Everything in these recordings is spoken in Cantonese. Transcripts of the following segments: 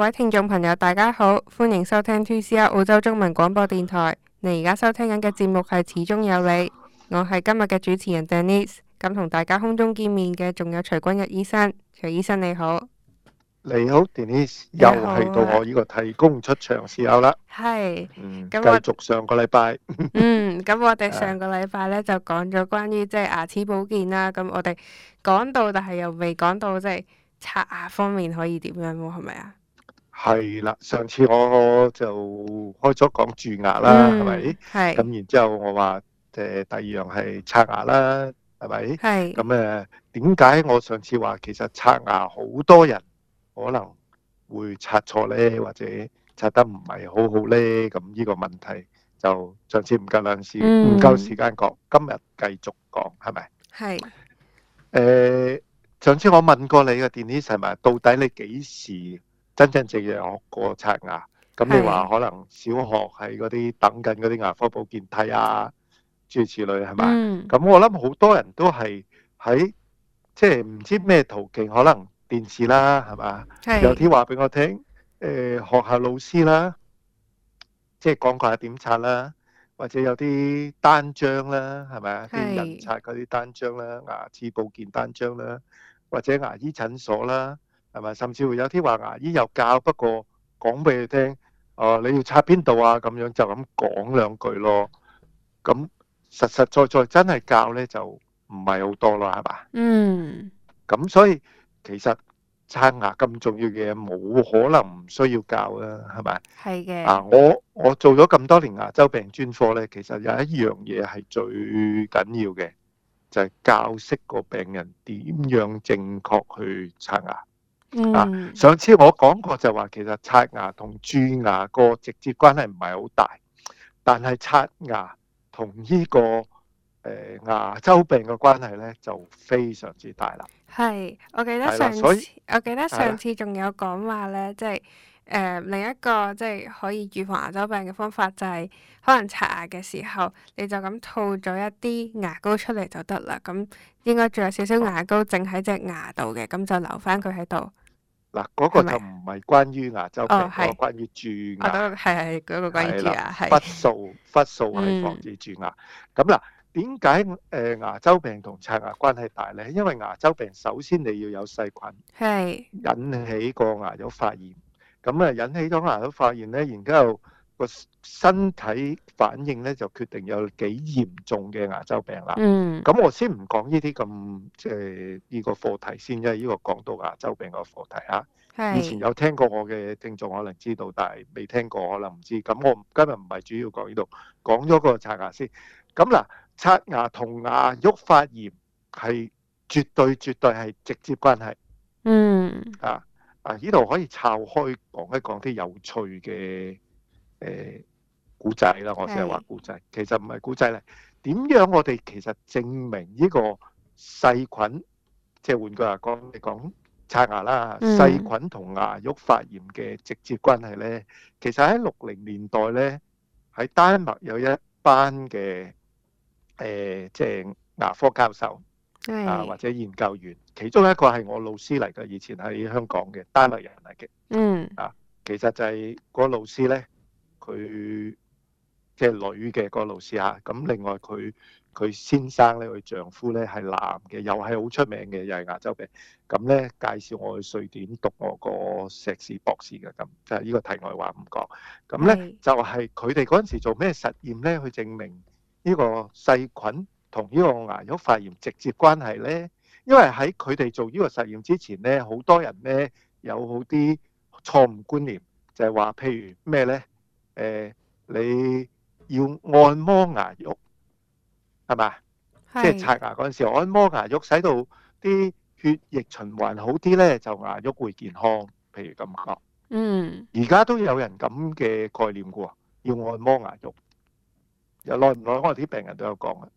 各位聽眾朋友，大家好，歡迎收聽 TCR 澳洲中文廣播電台。你而家收聽緊嘅節目係《齒中有理》，我係今日嘅主持人 Denise。咁同大家空中見面嘅仲有尹元晧醫生，尹醫生你好。你好，Denise、啊。又係到我呢個替工出場時候啦。係。繼續上個禮拜。嗯，咁我哋、 嗯、上個禮拜咧就講咗關於即係牙齒保健啦。咁我哋講到，但係又未講到即係刷牙方面可以點樣，係咪啊？係啦，上次我就開咗講蛀牙啦，係咪、嗯？係吧。咁然之後我話誒、呃、第二樣係刷牙啦，係咪？係是。咁誒點解我上次話其實刷牙好多人可能會刷錯咧，或者刷得唔係好好咧？咁呢個問題就上次唔夠兩次，唔夠、嗯、時間講，今日繼續講係咪？係。誒是、呃，上次我問過你個 dentist 咪，到底你幾時？真真正正學過刷牙，咁你話可能小學喺嗰啲等緊嗰啲牙科保健梯啊諸如此類係嘛？咁我諗好多人都係喺即係唔知咩途徑，可能電視啦係嘛？有啲話俾我聽，誒學校老師啦，即係講下點刷啦，或者有啲單張啦係嘛？啲人刷嗰啲單張啦，牙齒保健單張啦，或者牙醫診所啦。係咪？甚至會有啲話牙醫又教，不過講俾佢聽。哦，你要刷邊度啊？咁樣就咁講兩句咯。咁實實在在真係教咧，就唔係好多啦，係嘛？嗯。咁所以其實刷牙咁重要嘅嘢，冇可能唔需要教啦，係咪？係嘅。啊，我我做咗咁多年牙周病專科咧，其實有一樣嘢係最緊要嘅，就係教識個病人點樣正確去刷牙。啊！嗯、上次我講過就話，其實刷牙同蛀牙個直接關係唔係好大，但係刷牙同呢、這個誒、呃、牙周病嘅關係咧就非常之大啦。係，我記得上次，所以我記得上次仲有講話咧，即係。誒、呃、另一個即係可以預防牙周病嘅方法、就係，就係可能刷牙嘅時候，你就咁吐咗一啲牙膏出嚟就得啦。咁、嗯、應該仲有少少牙膏剩喺隻牙度嘅，咁就留翻佢喺度嗱。嗰、那個就唔係關於牙周病，哦、個關於蛀牙係係嗰個關於蛀牙，係氟素氟素係防止蛀牙。咁啦、嗯，點解誒牙周病同刷牙關係大咧？因為牙周病首先你要有細菌係是引起個牙周發炎。咁啊，引起咗牙都發炎咧，然之後個身體反應咧就決定有幾嚴重嘅牙周病啦。嗯。咁我先唔講呢啲咁即係呢個課題先，因為呢個講到牙周病個課題啊。係是。以前有聽過我嘅聽眾，可能知道，但係未聽過，可能唔知。咁我今日唔係主要講呢度，講咗個刷牙先。咁嗱，刷牙同牙肉發炎係絕對、絕對係直接關係。嗯。啊。啊！呢度可以炒開講一講啲有趣嘅，誒古仔啦，我成日話古仔，的其實唔係古仔咧。點樣我哋其實證明呢個細菌，即係換句話講，你講刷牙啦，細、嗯、菌同牙肉發炎嘅直接關係咧，其實喺六零年代咧，喺丹麥有一班嘅，誒，即、呃、係、就是、牙科教授。啊是或者研究員，其中一個係我老師嚟嘅，以前喺香港嘅，丹麥人嚟嘅。嗯。啊，其實就係個老師咧，佢即係女嘅個老師嚇。咁另外佢佢先生咧，佢丈夫咧係男嘅，又係好出名嘅，又係亞洲嘅。咁咧介紹我去瑞典讀我個碩士博士嘅，咁，就係呢個題外話唔講。咁咧是就係佢哋嗰陣時做咩實驗咧，去證明呢個細菌。同呢個牙肉發炎直接關係咧，因為喺佢哋做呢個實驗之前咧，好多人咧有好啲錯誤觀念，就係話譬如咩咧？誒，你要按摩牙肉，係咪？即係刷牙嗰陣時按摩牙肉，使到啲血液循環好啲咧，就牙肉會健康。譬如咁講。嗯。而家都有人咁嘅概念嘅喎，要按摩牙肉，又耐唔耐，我哋啲病人都有講啊。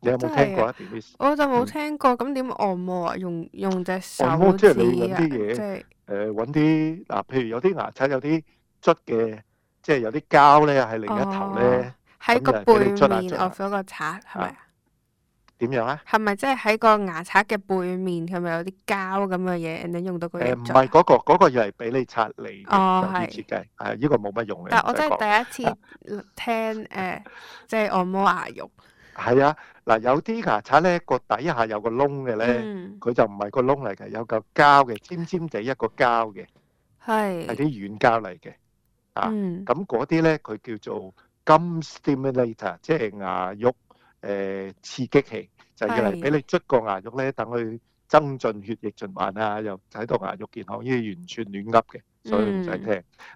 你有冇聽過啊？我就冇聽過，咁點按摩啊？用用隻手指啊？即係你用啲嘢，即係誒揾啲嗱，譬如有啲牙刷，有啲捽嘅，即係有啲膠咧，喺另一頭咧，喺個背面捽嗰個刷，係咪？點樣？係咪即係喺個牙刷嘅背面係咪有啲膠咁嘅嘢，你用到嗰樣嘢？誒，唔係嗰個，嗰個又係俾你刷你哦，係設計啊，呢個冇乜用嘅。但係我真係第一次聽誒，即係按摩牙肉。係啊，嗱有啲牙刷咧，個底下有個窿嘅咧，佢、嗯、就唔係個窿嚟嘅，有嚿膠嘅，尖尖地一個膠嘅，係係啲軟膠嚟嘅。啊，咁嗰啲咧佢叫做 gum stimulator，即係牙肉誒、呃、刺激器，就係要嚟俾你捽個牙肉咧，等佢增進血液循環啊，又使到牙肉健康，呢啲完全亂噏嘅。所以唔使聽。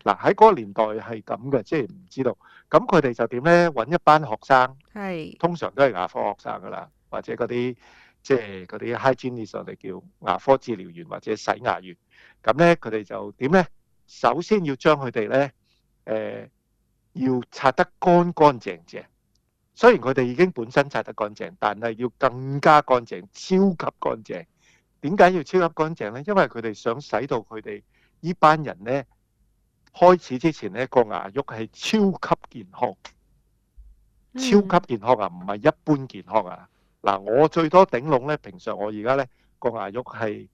嗱，喺嗰個年代係咁嘅，即係唔知道咁佢哋就點咧？揾一班學生，通常都係牙科學生噶啦，或者嗰啲即係嗰啲 hygienist，我哋叫牙科治療員或者洗牙員。咁咧佢哋就點咧？首先要將佢哋咧誒，要擦得乾乾淨淨。雖然佢哋已經本身擦得乾淨，但係要更加乾淨，超級乾淨。點解要超級乾淨咧？因為佢哋想洗到佢哋。呢班人咧，開始之前咧，個牙肉係超級健康，超級健康啊，唔係一般健康啊。嗱，我最多頂籠咧，平常我而家咧，個牙肉係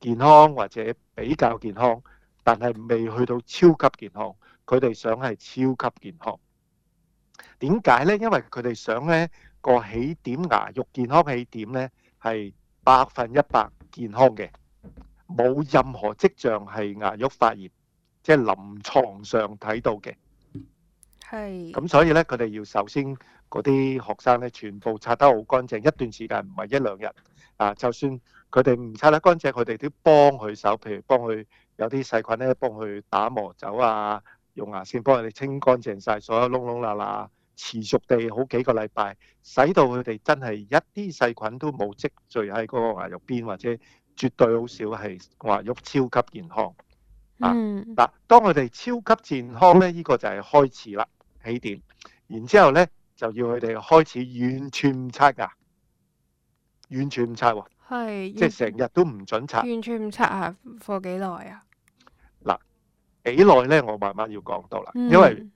健康或者比較健康，但係未去到超級健康。佢哋想係超級健康，點解咧？因為佢哋想咧，個起點牙肉健康起點咧係百分一百健康嘅。冇任何跡象係牙肉發炎，即係臨床上睇到嘅。係。咁所以咧，佢哋要首先嗰啲學生咧，全部擦得好乾淨。一段時間唔係一兩日啊，就算佢哋唔擦得乾淨，佢哋都幫佢手，譬如幫佢有啲細菌咧，幫佢打磨走啊，用牙線幫佢哋清乾淨晒。所有窿窿罅罅，持續地好幾個禮拜，使到佢哋真係一啲細菌都冇積聚喺嗰個牙肉邊或者。絕對好少係話喐超級健康啊！嗱、嗯，當佢哋超級健康咧，呢、這個就係開始啦，起點。然之後咧，就要佢哋開始完全唔刷牙，完全唔刷喎、喔，係即係成日都唔准刷。完全唔刷啊？放幾耐啊？嗱，幾耐咧？我慢慢要講到啦，嗯、因為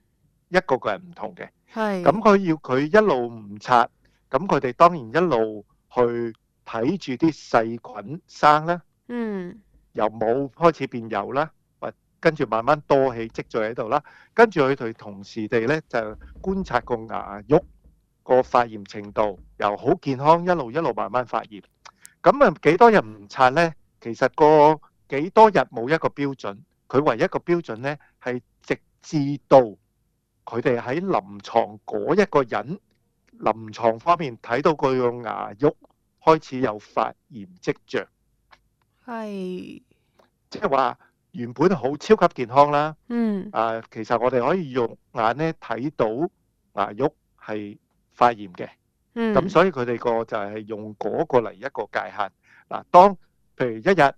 一個個係唔同嘅，係咁佢要佢一路唔刷，咁佢哋當然一路去。睇住啲細菌生啦，嗯，由冇開始變有啦，或跟住慢慢多起積聚喺度啦。跟住佢哋同時地咧，就觀察個牙肉個發炎程度，由好健康一路一路慢慢發炎。咁啊幾多日唔刷咧？其實個幾多日冇一個標準，佢唯一個標準咧係直至到佢哋喺臨牀嗰一個人臨牀方面睇到佢個牙肉。開始有發炎跡象，係即係話原本好超級健康啦。嗯啊，其實我哋可以用眼咧睇到牙肉係發炎嘅。嗯，咁所以佢哋個就係用嗰個嚟一個界限嗱。當譬如一日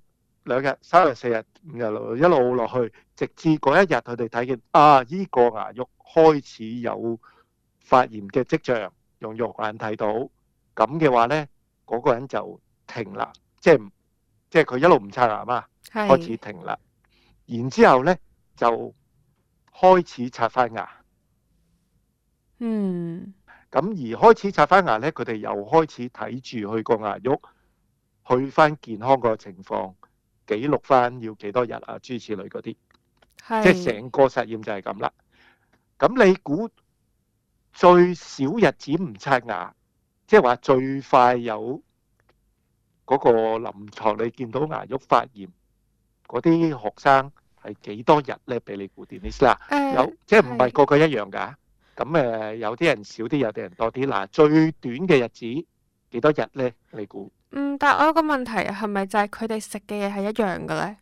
兩日三日四日五日一路落去，直至嗰一日佢哋睇見啊，依個牙肉開始有發炎嘅跡象，用肉眼睇到咁嘅話咧。嗰個人就停啦，即係即係佢一路唔刷牙嘛，是開始停啦。然之後咧就開始刷翻牙。嗯。咁而開始刷翻牙咧，佢哋又開始睇住去個牙肉，去翻健康個情況，記錄翻要幾多日啊？諸如此類嗰啲，是即係成個實驗就係咁啦。咁你估最少日子唔刷牙？即係話最快有嗰個臨牀，你見到牙肉發炎嗰啲學生係幾多日咧？俾你估啲意思啦。呃，有即係唔係個個一樣㗎？咁誒的，有啲人少啲，有啲人多啲。嗱，最短嘅日子幾多日咧？你估？嗯，但我有個問題，係咪就係佢哋食嘅嘢係一樣嘅咧？嗯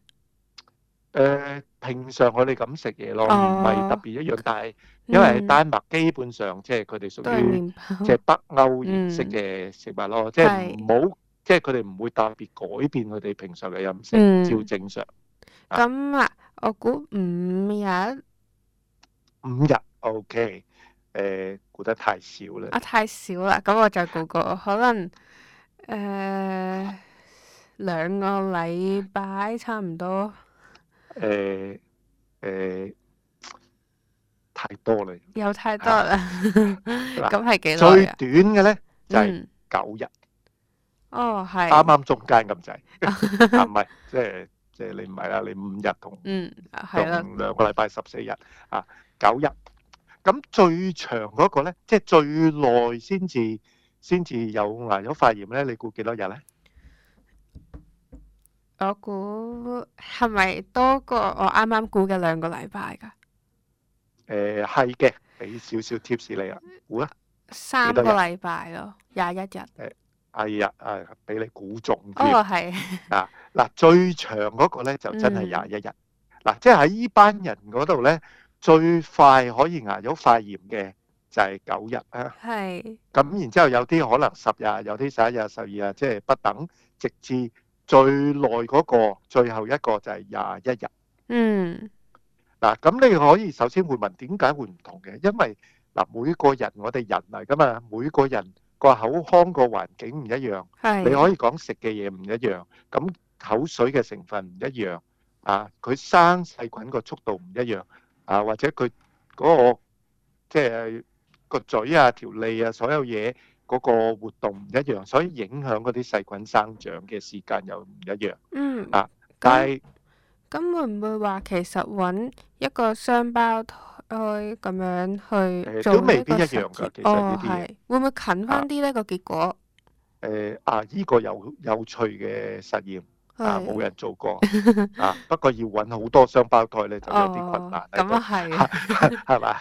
誒平常我哋咁食嘢咯，唔係特別一樣，但係因為丹麥基本上即係佢哋屬於即係北歐形式嘅食物咯，即係唔好，即係佢哋唔會特別改變佢哋平常嘅飲食，照正常。咁啊，我估五日，五日 OK。誒估得太少啦，啊太少啦，咁我再估個可能誒兩個禮拜差唔多。誒誒，太多啦！有太多啦，咁係幾耐啊？最短嘅咧，就係九日。哦，係啱啱中間咁滯，唔係即係即係你唔係啦，你五日同嗯同兩個禮拜十四日啊，九日。咁最長嗰個咧，即係最耐先至先至有嗱有發炎咧，你估幾多日咧？我估係咪多過我啱啱估嘅兩個禮拜噶？誒，係嘅，俾少少 tips 你啊，估啦，三個禮拜咯，廿一日。誒，係啊，誒，俾你估中咗。哦，係。嗱嗱，最長嗰個咧就真係廿一日。嗱，即係喺呢班人嗰度咧，最快可以牙肉發炎嘅就係九日啊。係。咁然之後有啲可能十日，有啲十一日、十二日，即係不等，直至。最耐嗰個，最後一個就係廿一日。嗯，嗱，咁你可以首先會問點解會唔同嘅？因為嗱，每個人我哋人嚟噶嘛，每個人個口腔個環境唔一樣。係。你可以講食嘅嘢唔一樣，咁口水嘅成分唔一樣啊，佢生細菌個速度唔一樣啊，或者佢嗰個即係個嘴啊、條脷啊，所有嘢。嗰個活動唔一樣，所以影響嗰啲細菌生長嘅時間又唔一樣。嗯啊，但係咁、嗯嗯嗯、會唔會話其實揾一個雙胞胎咁樣去做呢個實驗？都未必一樣㗎，哦，係會唔會近翻啲呢個結果？誒啊！呢個有有趣嘅實驗。啊！冇人做過 啊，不過要揾好多雙胞胎咧，就有啲困難咁啊，係、哦，係嘛？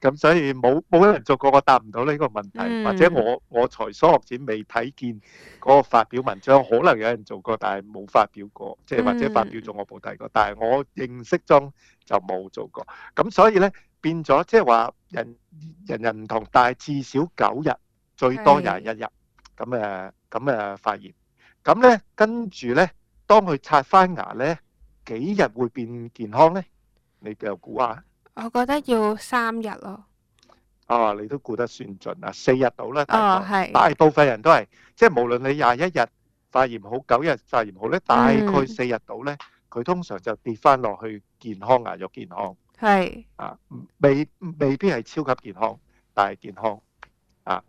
咁 是吧 所以冇冇人做過，我答唔到呢個問題。嗯、或者我我才疏學淺，未睇見嗰個發表文章，可能有人做過，但係冇發表過，即係、嗯、或者發表咗我冇睇過，但係我認識中就冇做過。咁所以咧變咗，即係話人人人唔同，但係至少九日，最多廿一日咁誒咁誒發現。咁咧，跟住咧，當佢刷翻牙咧，幾日會變健康咧？你又估下？我覺得要三日咯。啊，你都估得算盡啊！四日到啦，大概大部分人都係即係，無論你廿一日發炎好，九日發炎好咧，大概四日到咧，佢通常就跌翻落去健康牙肉健康。係啊，未未必係超級健康，但係健康啊，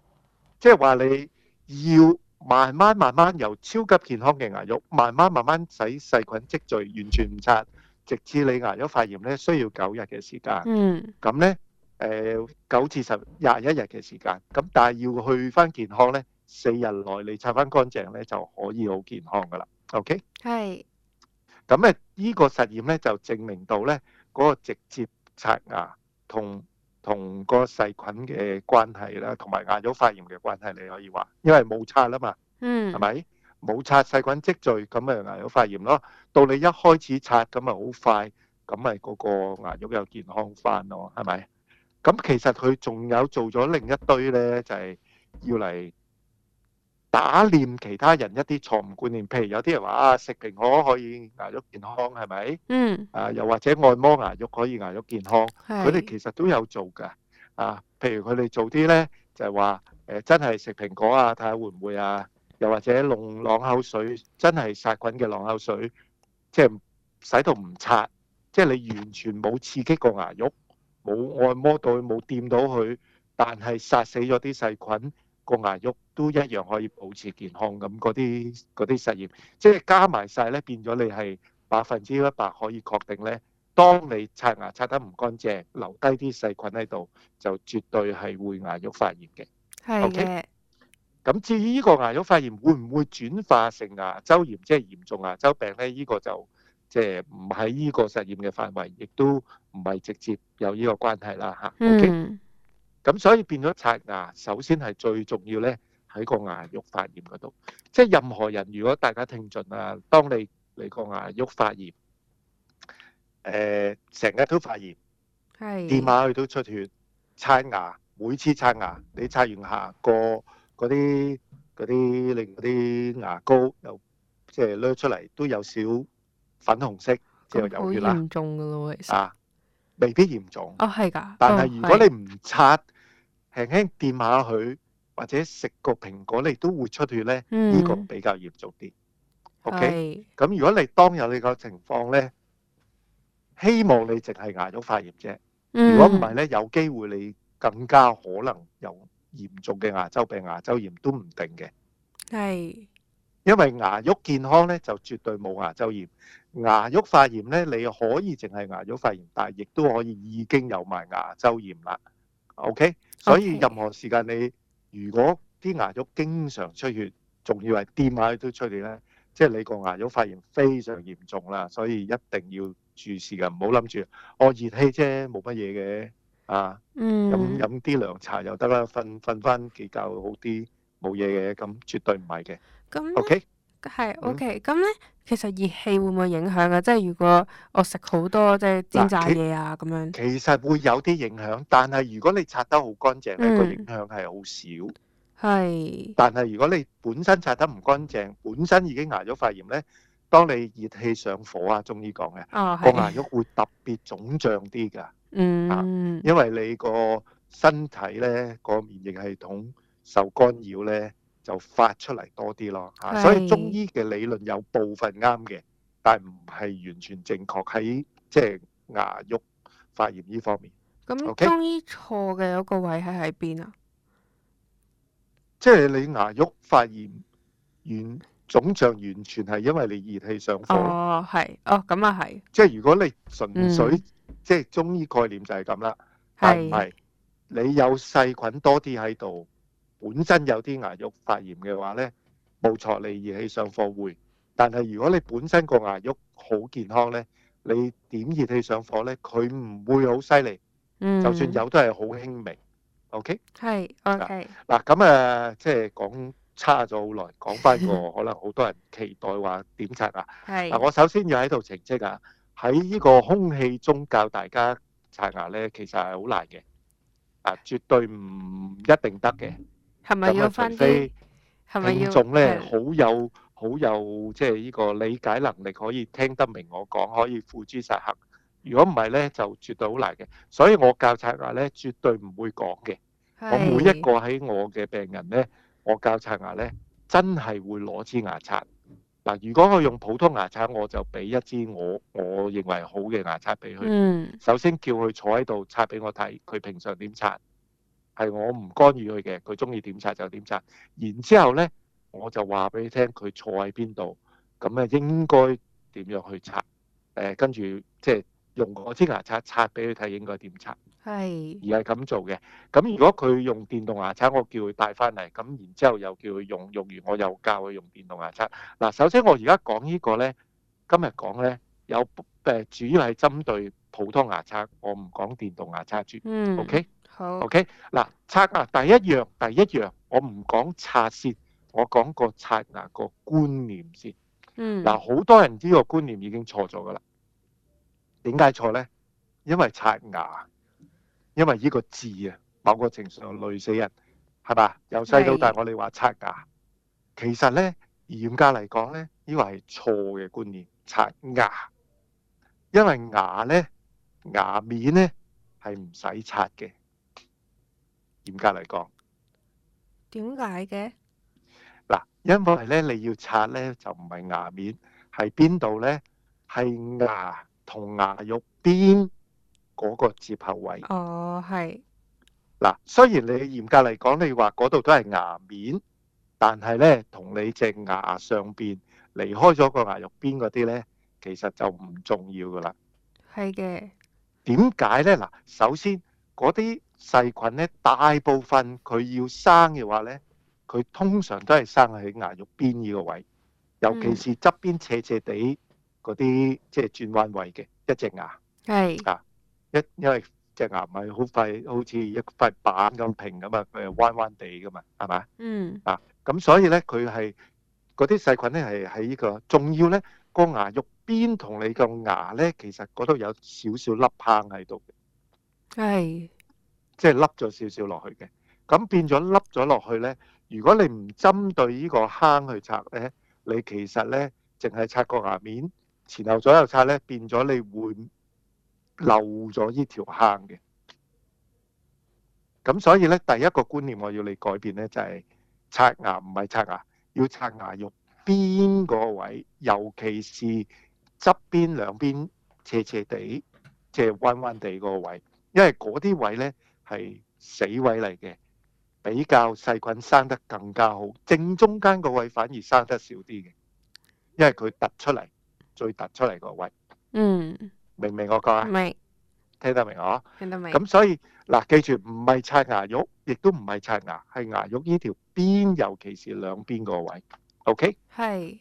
即係話你要。慢慢慢慢由超級健康嘅牙肉，慢慢慢慢使細菌積聚，完全唔刷，直至你牙肉發炎咧，需要九日嘅時間。嗯，咁咧，誒、呃，九至十廿一日嘅時間，咁但係要去翻健康咧，四日內你刷翻乾淨咧就可以好健康噶啦。OK，係是。咁咧，呢個實驗咧就證明到咧，嗰個直接刷牙同。同個細菌嘅關係啦，同埋牙肉發炎嘅關係，你可以話，因為冇刷啦嘛，嗯，係咪冇刷細菌積聚，咁咪牙肉發炎咯。到你一開始刷，咁咪好快，咁咪嗰個牙肉又健康翻咯，係咪？咁其實佢仲有做咗另一堆咧，就係要嚟。打亂其他人一啲錯誤觀念，譬如有啲人話啊，食蘋果可以牙肉健康，係咪？嗯。啊，又或者按摩牙肉可以牙肉健康，佢哋是其實都有做㗎。啊，譬如佢哋做啲咧，就係話誒，真係食蘋果啊，睇下會唔會啊？又或者用漱口水，真係殺菌嘅漱口水，即係使到唔刷，即係你完全冇刺激過牙肉，冇按摩到佢，冇掂到佢，但係殺死咗啲細菌。個牙肉都一樣可以保持健康，咁嗰啲嗰啲實驗，即係加埋晒咧，變咗你係百分之一百可以確定咧。當你刷牙刷得唔乾淨，留低啲細菌喺度，就絕對係會牙肉發炎嘅。係，OK。咁至於呢個牙肉發炎會唔會轉化成牙周炎，即係嚴重牙周病咧？呢個就即係唔喺呢個實驗嘅範圍，亦都唔係直接有呢個關係啦。吓，okay？k、嗯咁所以變咗刷牙，首先係最重要咧，喺個牙肉發炎嗰度。即係任何人，如果大家聽盡啊，當你你個牙肉發炎，誒成日都發炎，係，掂下佢都出血，刷牙每次刷牙，你刷完牙個嗰啲嗰啲令嗰啲牙膏又即係掠出嚟，都有少粉紅色，之後有血啦。好嚴重㗎咯，其實啊。未必嚴重哦，係噶。但係如果你唔擦，輕輕掂下佢，或者食個蘋果，你都會出血咧。呢個比較嚴重啲。OK，咁如果你當有呢個情況咧，希望你淨係牙肉發炎啫。如果唔係咧，有機會你更加可能有嚴重嘅牙周病、牙周炎都唔定嘅。係，因為牙肉健康咧，就絕對冇牙周炎。牙肉發炎咧，你可以淨係牙肉發炎，但係亦都可以已經有埋牙周炎啦。OK，, okay. 所以任何時間你如果啲牙肉經常出血，仲要係掂下都出血咧，即係你個牙肉發炎非常嚴重啦，所以一定要注意。時間唔好諗住我熱氣啫，冇乜嘢嘅啊，飲飲啲涼茶又得啦，瞓瞓翻幾覺好啲，冇嘢嘅，咁絕對唔係嘅。咁 OK、嗯。係，OK，咁咧，其實熱氣會唔會影響啊？即係如果我食好多即係煎炸嘢啊，咁樣其實會有啲影響，但係如果你擦得好乾淨咧，個、嗯、影響係好少。係是。但係如果你本身擦得唔乾淨，本身已經牙肉發炎咧，當你熱氣上火啊，中醫講嘅，個牙、哦、肉會特別腫脹啲㗎。嗯。因為你個身體咧、個免疫系統受干擾咧。就發出嚟多啲咯，所以中醫嘅理論有部分啱嘅，但唔係完全正確，喺即係牙肉發炎呢方面。咁中醫錯嘅嗰個位係喺邊啊？即係你牙肉發炎，完腫脹完全係因為你熱氣上火。哦，係，哦咁啊係。即係如果你純粹即係中醫概念就係咁啦，係唔係？你有細菌多啲喺度。本身有啲牙肉發炎嘅話咧，冇錯，你熱氣上火會。但係如果你本身個牙肉好健康咧，你點熱氣上火咧，佢唔會好犀利，嗯，就算有都係好輕微，OK？係，OK。嗱咁誒，即係講差咗好耐，講返個可能好多人期待話點刷牙。係。嗱，我首先要喺度澄清啊，喺呢個空氣中教大家刷牙咧，其實係好難嘅，啊，絕對唔一定得嘅。係咪要翻啲？病種咧好有好有即係呢個理解能力，可以聽得明我講，可以付諸實行。如果唔係咧，就絕對好難嘅。所以我教刷牙咧，絕對唔會講嘅。是我每一個喺我嘅病人咧，我教刷牙咧，真係會攞支牙刷。嗱，如果我用普通牙刷，我就俾一支我我認為好嘅牙刷俾佢。嗯。首先叫佢坐喺度刷俾我睇，佢平常點刷。係我唔干預佢嘅，佢中意點刷就點刷。然之後咧，我就話俾佢聽佢錯喺邊度，咁咧應該點樣去刷？誒，跟住即係用個支牙刷刷俾佢睇應該點刷。係。而係咁做嘅。咁如果佢用電動牙刷，我叫佢帶翻嚟。咁然之後又叫佢用，用完我又教佢用電動牙刷。嗱，首先我而家講呢個咧，今日講咧有誒，主要係針對普通牙刷，我唔講電動牙刷住。嗯。O K。o k 嗱，okay, 刷牙第一樣，第一樣，我唔講刷舌，我講個刷牙個觀念先。嗯，嗱，好多人呢個觀念已經錯咗㗎喇。點解錯咧？因為刷牙，因為呢個字啊，某個程度上累死人，係吧？由細到大，我哋話刷牙，是其實咧嚴格嚟講咧，呢個係錯嘅觀念，刷牙，因為牙咧，牙面咧係唔使刷嘅。嚴格嚟講，點解嘅？嗱，因為咧你要刷咧就唔係牙面，係邊度咧？係牙同牙肉邊嗰個接合位。哦，係。嗱，雖然你嚴格嚟講，你話嗰度都係牙面，但係咧同你隻牙上邊離開咗個牙肉邊嗰啲咧，其實就唔重要噶啦。係嘅。點解咧？嗱，首先嗰啲。細菌咧，大部分佢要生嘅話咧，佢通常都係生喺牙肉邊呢個位，尤其是側邊斜斜地嗰啲，即係轉彎位嘅一隻牙，係啊，一因為隻牙唔係好快，好似一塊板咁平噶嘛，佢係彎彎地噶嘛，係咪？嗯啊，咁所以咧，佢係嗰啲細菌咧係喺呢個仲要咧，個牙肉邊同你個牙咧，其實嗰度有少少凹坑喺度嘅，係。即係凹咗少少落去嘅，咁變咗凹咗落去咧。如果你唔針對呢個坑去拆咧，你其實咧淨係拆個牙面，前後左右拆咧，變咗你會漏咗呢條坑嘅。咁所以咧，第一個觀念我要你改變咧，就係刷牙唔係刷牙，要刷牙肉邊個位，尤其是側邊兩邊斜斜地即係彎彎地嗰個位，因為嗰啲位咧。係死位嚟嘅，比較細菌生得更加好。正中間個位反而生得少啲嘅，因為佢突出嚟，最突出嚟個位。嗯，明唔明我講啊？明，聽得明我？聽得明。咁所以嗱，記住唔係刷牙肉，亦都唔係刷牙，係牙肉呢條邊，尤其是兩邊個位。OK。係。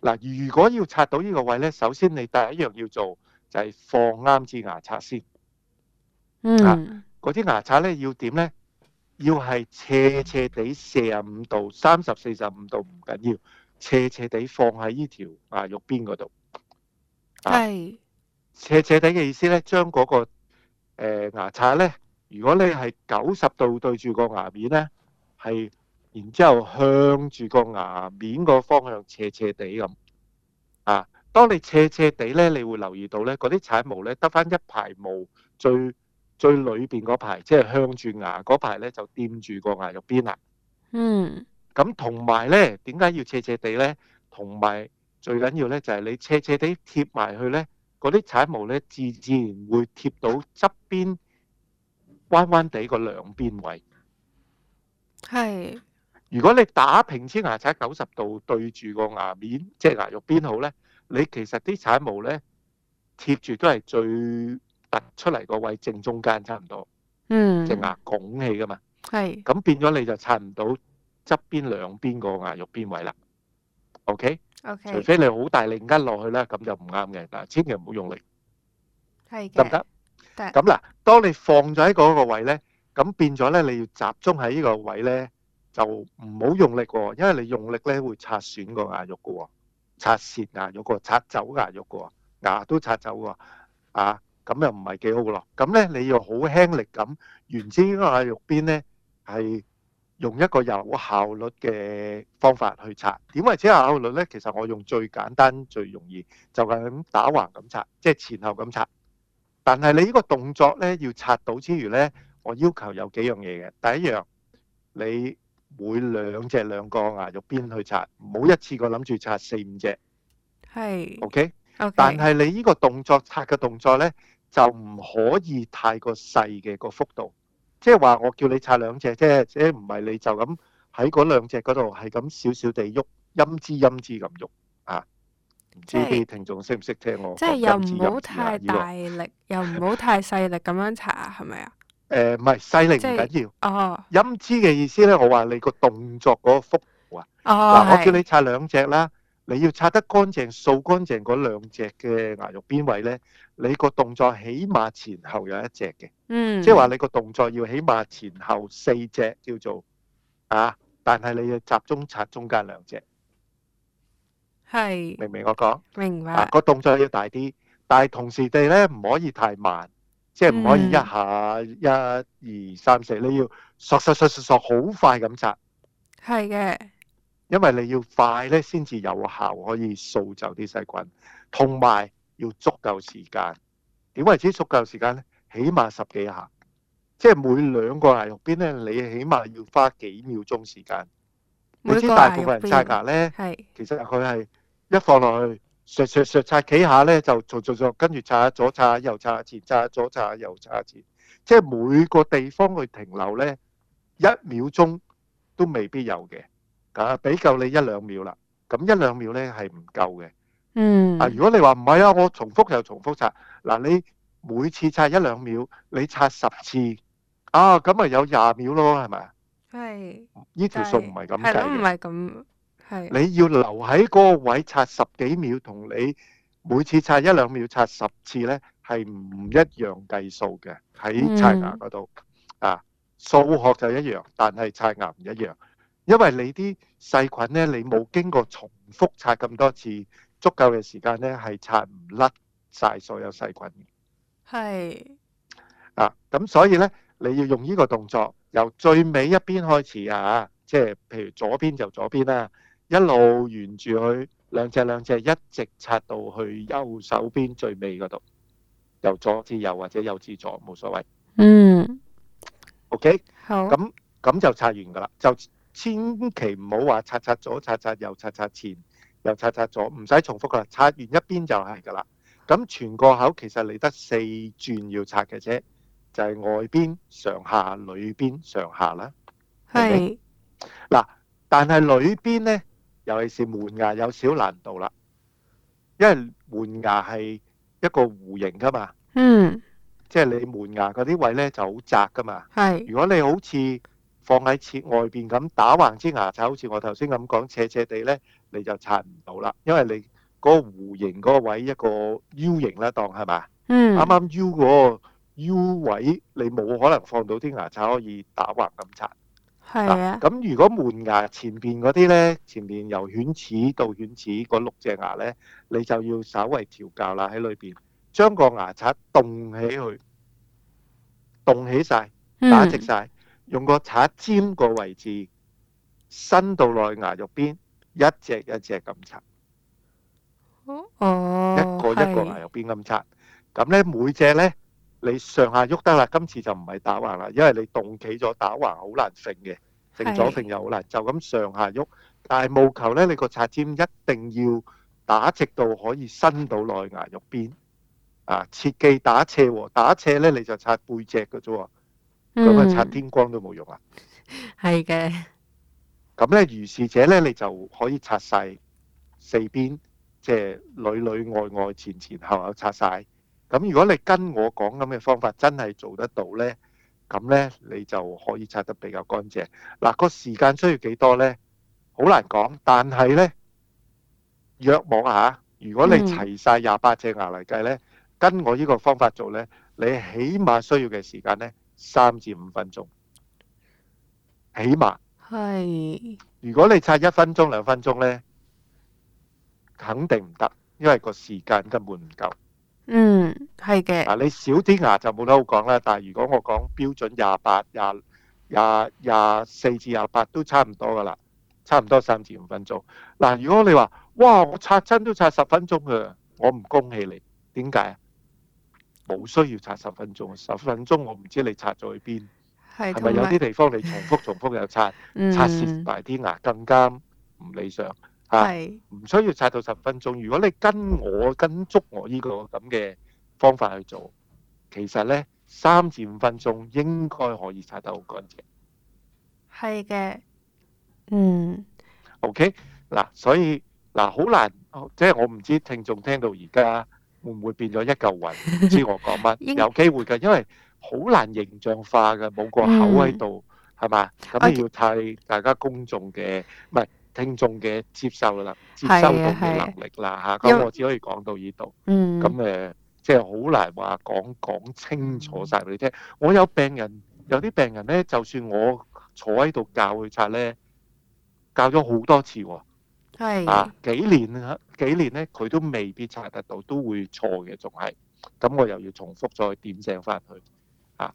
嗱，如果要刷到呢個位咧，首先你第一樣要做就係放啱支牙刷先。嗯。嗰啲牙刷咧要點咧？要係斜斜地四十五度、三十四十五度唔緊要，斜斜地放喺呢條牙肉邊嗰度。係、啊、是斜斜地嘅意思咧，將嗰、嗰個、呃、牙刷咧，如果你係九十度對住個牙面咧，係然之後向住個牙面個方向斜斜地咁啊。當你斜斜地咧，你會留意到咧，嗰啲刷毛咧得返一排毛最。最裏面嗰排即係向住牙嗰排咧，就掂住個牙肉邊啦。嗯，咁同埋咧，點解要斜斜地咧？同埋最緊要咧，就係你斜斜地貼埋去咧，嗰啲產毛咧，自自然會貼到側邊彎彎地個兩邊位。係。如果你打平支牙刷九十度對住個牙面，即係牙肉邊好咧，你其實啲產毛咧貼住都係最凸出嚟個位正中間，差唔多，嗯，隻牙拱起㗎嘛，係咁是變咗你就擦唔到側邊兩邊個牙肉邊位啦。O K O K，除非你好大力噏落去啦，咁就唔啱嘅嗱，但千祈唔好用力，係得唔得？咁嗱的，當你放咗喺嗰個位咧，咁變咗咧，你要集中喺呢個位咧，就唔好用力喎，因為你用力咧會擦損個牙肉嘅喎，擦蝕牙肉喎，擦走牙肉喎，牙都擦走喎啊！咁又唔係幾好咯。咁咧你要好輕力咁，原先個牙肉邊咧係用一個有效率嘅方法去擦。點為之有效率咧？其實我用最簡單、最容易就係咁打橫咁擦，即係前後咁擦。但係你呢個動作咧，要擦到之餘咧，我要求有幾樣嘢嘅。第一樣，你每兩隻兩個牙肉邊去擦，唔好一次過諗住擦四五隻。係。OK。OK。但係你呢個動作擦嘅動作咧。就唔可以太過細嘅、嗰個幅度，即係話我叫你擦兩隻，即係即係唔係你就咁喺嗰兩隻嗰度係咁少少地喐，音之音之咁喐啊！唔知啲是聽眾識唔識聽我？即係又唔好太大力， 又唔好太細力咁樣擦啊？係咪啊？誒唔係細力唔緊要哦。音之嘅意思咧，我話你個動作嗰個幅度、哦、啊。嗱，我叫你擦兩隻啦。你要擦得乾淨、掃乾淨嗰兩隻嘅牙肉邊位咧，你個動作起碼前後有一隻嘅，嗯，即係話你個動作要起碼前後四隻，叫做啊，但係你要集中擦中間兩隻，係，明唔明我講？明白，個動作要大啲，但係同時地咧唔可以太慢，即係唔可以一下一二三四，你要索索索索索好快咁擦，係嘅。因為你要快咧，先至有效可以掃走啲細菌，同埋要足夠時間。點為止足夠時間咧？起碼十幾下，即係每兩個牙肉邊咧，你起碼要花幾秒鐘時間。每你知大部分人刷牙咧，的其實佢係一放落去，削削削刷幾下咧，就做做做，跟住刷左刷右刷一次，刷左刷右刷一次。即係每個地方去停留咧，一秒鐘都未必有嘅。啊！俾夠你一兩秒啦，咁一兩秒咧係唔夠嘅。嗯。啊，如果你話唔係啊，我重複又重複刷。嗱，你每次刷一兩秒，你刷十次，啊，咁咪有廿秒咯，係咪？係。呢條數唔係咁計嘅。係咯，唔係咁。係。你要留喺嗰個位刷十幾秒，同你每次刷一兩秒刷十次咧，係唔一樣計數嘅。喺刷牙嗰度啊，數學就一樣，但係刷牙唔一樣。因為你啲細菌咧，你冇經過重複擦咁多次足夠嘅時間咧，係擦唔甩晒所有細菌嘅。係是啊，咁所以咧，你要用呢個動作由最尾一邊開始啊，即係譬如左邊就左邊啦，一路沿住佢兩隻兩隻一直擦到去右手邊最尾嗰度，由左至右或者右至左冇所謂。嗯，OK，好，咁咁就擦完㗎啦，就。千祈唔好話擦擦左、擦擦右、擦擦前、又擦擦左，唔使重複噶啦，擦完一邊就係噶啦。咁全個口其實你得四轉要擦嘅啫，就係、是、外邊上下、裏邊上下啦。係是。嗱， 但係裏邊咧，尤其是門牙有少難度啦，因為門牙係一個弧形噶嘛。嗯。即係你門牙嗰啲位咧就好窄噶嘛。係是。如果你好似～放喺切外邊咁打橫支牙刷，好似我頭先咁講斜斜地呢，你就刷唔到啦，因為你嗰弧形嗰位一個 U 型啦，當係咪？嗯。啱啱 U 嗰個 U 位，你冇可能放到啲牙刷可以打橫咁刷。係啊。啊，咁如果門牙前邊嗰啲呢，前面由犬齒到犬齒嗰六隻牙呢，你就要稍為調教啦，喺裏邊將個牙刷棟起去，棟起晒，打直晒。嗯。用個刷尖個位置伸到內牙肉邊，一隻一隻咁刷。哦，一個一個牙肉邊咁刷。咁咧每隻咧，你上下喐得啦。今次就唔係打橫啦，因為你棟企咗打橫好難剩嘅，剩咗剩又好難。就咁上下喐。但係務求咧，你個刷尖一定要打直到可以伸到內牙肉邊。啊，切記打斜，打斜咧你就擦背脊嘅啫。咁啊！嗯、擦天光都冇用啊，係嘅。咁咧，如是者咧，你就可以擦晒四邊，即係裡裡外外前前後後擦晒。咁如果你跟我講咁嘅方法，真係做得到咧，咁咧你就可以擦得比較乾淨嗱。那個時間需要幾多咧？好難講，但係咧約望下。如果你齊晒廿八隻牙嚟計咧，嗯、跟我呢個方法做咧，你起碼需要嘅時間咧。三至五分鐘，起碼係。如果你刷一分鐘兩分鐘呢，肯定唔得，因為個時間根本唔夠。嗯，係嘅。嗱，你少啲牙就冇得好講啦。但係如果我講標準廿八、廿廿四至廿八都差唔多噶啦，差唔多三至五分鐘。嗱，如果你話哇，我刷親都刷十分鐘啊，我唔恭喜你，點解啊？冇需要刷十分鐘，十分鐘我唔知你刷咗去邊？係咪有啲地方你重複重複又刷，刷蝕埋啲牙更加唔理想嚇。係唔需要刷到十分鐘，如果你跟我跟足我呢個咁嘅方法去做，其實咧三至五分鐘應該可以刷得好乾淨。係嘅，嗯。OK，嗱，所以嗱好難，即係我唔知聽眾聽到而家。會唔會變咗一嚿雲？唔知我講乜，有機會㗎，因為好難形象化㗎，冇個口喺度，係嘛？咁要睇大家公眾嘅唔係聽眾嘅接受啦，接收到嘅能力啦嚇。咁我只可以講到呢度，咁誒，即係好難話講講清楚曬俾你聽。我有病人，有啲病人咧，就算我坐喺度教佢擦咧，教咗好多次喎。係啊，幾年啊，幾年咧，佢都未必擦得到，都會錯嘅，仲係。咁我又要重複再點醒翻佢啊。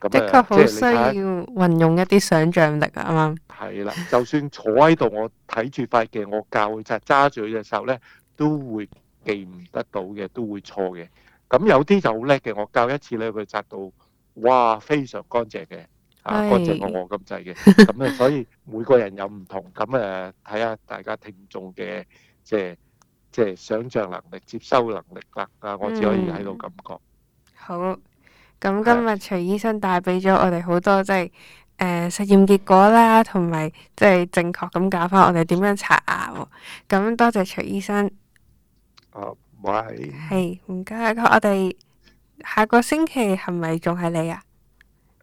的、啊、確刻好即需要運用一啲想像力啊。係啦、啊， 就算坐喺度，我睇住塊鏡，我教佢擦，揸住佢嘅時候咧，都會記唔得到嘅，都會錯嘅。咁有啲就好叻嘅，我教一次咧，佢擦到哇，非常乾淨嘅。 啊，嗰隻我我咁制嘅。咁啊，所以每個人有唔同，咁誒睇下大家聽眾嘅即係即係想像能力、接收能力啦。啊，我只可以喺度感覺。好，咁今日徐醫生帶俾咗我哋好多即係誒實驗結果啦，同埋即係正確咁教翻我哋點樣刷牙喎。咁多謝徐醫生。哦、啊，唔該。係唔該，我哋下個星期係咪仲係你啊？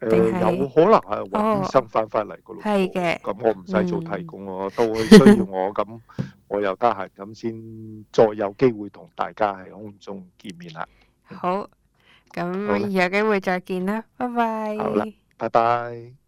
誒、呃、是有可能係黃醫生翻翻嚟嘅咯，係嘅、哦。咁我唔使做提供咯，嗯、 都需要我。咁我又得閒，咁先再有機會同大家喺空中見面啦。好，咁有機會再見啦了拜，拜拜。好啦，拜拜。